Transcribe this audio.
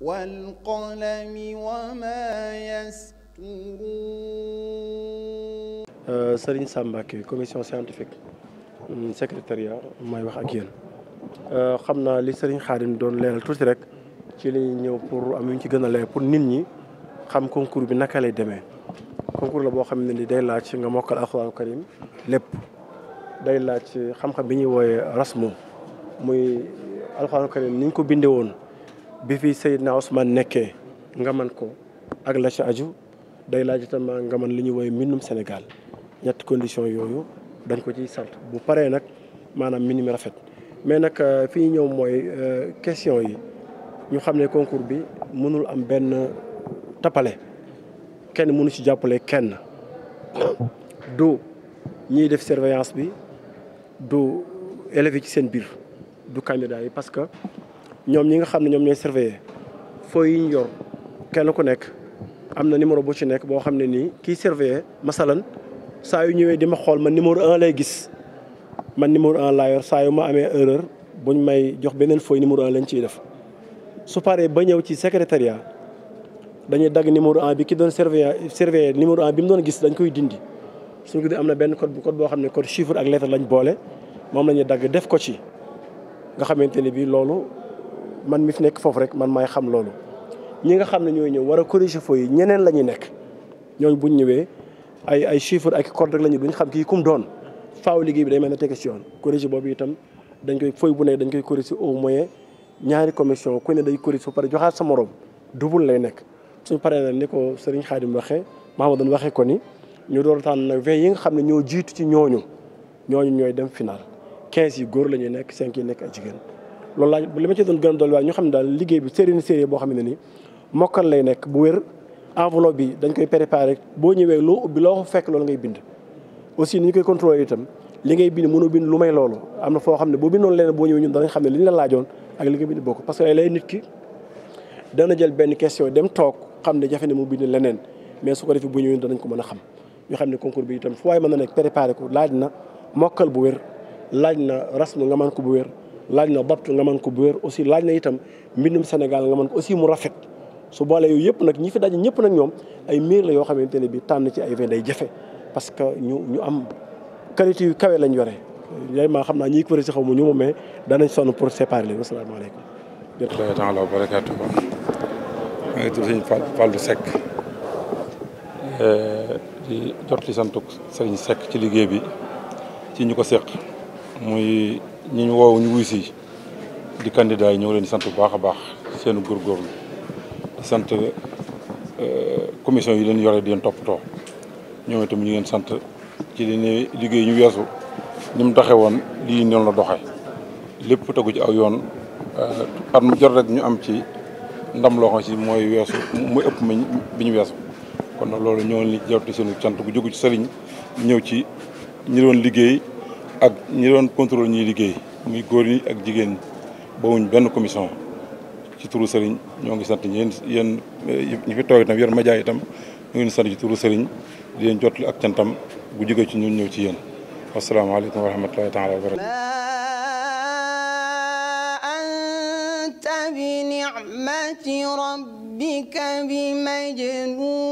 والقلم وما يسطرون euh, Serigne Sam Mbacké commission scientifique euh, secrétariat may wax ak yéen euh, xam naa li sëriñ Khadim doon leeral tuuti rek ci li ñëw pour am ñu ci gën a leer pour nit ñi xam concours bi naka lay demee concours la boo xam ne ni day laaj nga mokkal alxuraanu lépp day laaj xam-xam bi ñuy wooyee rasmo muy alxuraan karim ni ñu ko bindee woon bi fi Seydina Ousmane nekkee nga man ko ak la ci aju day laaj itam nga man li ñuy woowee mbindum Sénégal ñetti condition yooyu dañ ko ciy sant bu paree nag maanaam mbind mi rafet mais nag euh, fi ñu ñëw mooy euh, question yi ñu xam ne concours bi mënul am benn tappale kenn mënu ci jàppale kenn du ñuy def surveillance bi du élèves ci seen biir du candidat yi parce que ñoom ñi nga xam ne ñoom ñooy surveiller feuille yi ñu yor kenn ku nekk am na numéro boo ci nekk boo xam ne nii kii surveiller masalan saa yu ñëwee di ma xool ma numéro en lay gis man numéro un laa yor saa yu ma amee erreur buñ may jox beneen feuille numéro un ciy def su paree ba ñëw ci secretaria dañuy dagg numéro un bi ki doon surveiller surveiller numéro un bi mu doon gis dañ koy dindi suñu ko di am na benn code code boo xam ne code chiffre ak lettre lañ boole moom la ñuy dagg def ko ci nga xamante ne bii loolu man mi fi nekk foofu rek man maay xam loolu ñi nga xam ne ñooy ñëw war a corriger foofu yi ñeneen la ñuy nekk ñooñu buñ ñëwee ay ay chiffres ak code rek la ñu xam kii kum doon faaw liggéey bi day mel ne teg ci yoon corriger boobu itam dañ koy fooy bu ne dañ koy corriger au moyen ñaari commission ku ne day corriger su pare sa morom double lay nekk suñ paree nag ni ko Serigne Khadim waxee Mahamadan waxee ko ni ñu door taan nag vingt yi nga xam ne ñoo jiitu ci ñooñu ñooñu ñooy dem finaal 15 yi góor la nekk 5 yi nekk ay jigéen loolu laa li ma ci doon gën a dool waaye ñu xam ne daal liggéey bi série série boo xam ne ni mokkal lay nekk bu wér enveloppe boo loo ubbi loo fekk loolu ngay bind ni ñu koy contrôlé itam li ngay bind mënoo bind lu may loolu am na xam ne boo bindoon leneen boo ñëwee ñun danañ xam ne li ñu la laajoon ak li nga bind bokk parce que ay lay nit dem toog xam ne jafe ne mu bind leneen mais su ko defee bu ñëwee danañ ko mën a xam xam ne concours bi itam fu waaye mën na nekk préparé ko laaj na mokkal bu wér laaj na rasmu nga mën ko bu wér laaj na bapt nga mën ko bu wér aussi laaj na itam mbindum Sénégal nga mën ko aussi mu rafet su boolee yooyu yëpp nag ñi fi daje ñëpp nag ñoom ay miir la yoo xamante ne bi tànn ci ay vin day jafe parce que ñu ñu am qualité yu kawe lañ yore maa xam naa ñiy kuréel si ma ñu ma mais danañ sonn pour séparer leen wasalaamaaleykum. jërëjëf taala wa barakaatu ko maa ngi tudd sëñ Fallou Seck euh, di jot li santuk sëriñ Seck ci liggéey bi ci ñu ko seq. muy ñi ñu woowu ñu wuy si di candidat yi ñoo leen di sant bu baax a baax seen góorgóorlu di sant euh, commission yi leen yore di leen toppatoo ñoom itam ñu ngeen sant ci li liggéey ñu weesu ni mu woon lii noonu la doxee lépp tegu ci aw yoon euh, am mu jot rek ñu am ci ndam loo xam si mooy weesu muy ëpp ma bi ñu weesu kon nag loolu ñoo ngi jot seen cant bu jógu ci sëriñ ñëw ci ñu doon liggéey ak ñi doon contrôle ñuy liggéey muy góor ñi ak jigéen ñi bawuñ benn commission ci turu sëriñ ñoo ngi sant ñeen yéen ñi fi toog itam yor média itam ñu ngi sant ci turu sëriñ di leen jottali ak cantam bu jóge ci ñu ñëw ci yéen wasalaamaaleykum wa rahmatullahi taala wa barakatu anta bi ni'mati rabbika bi majnun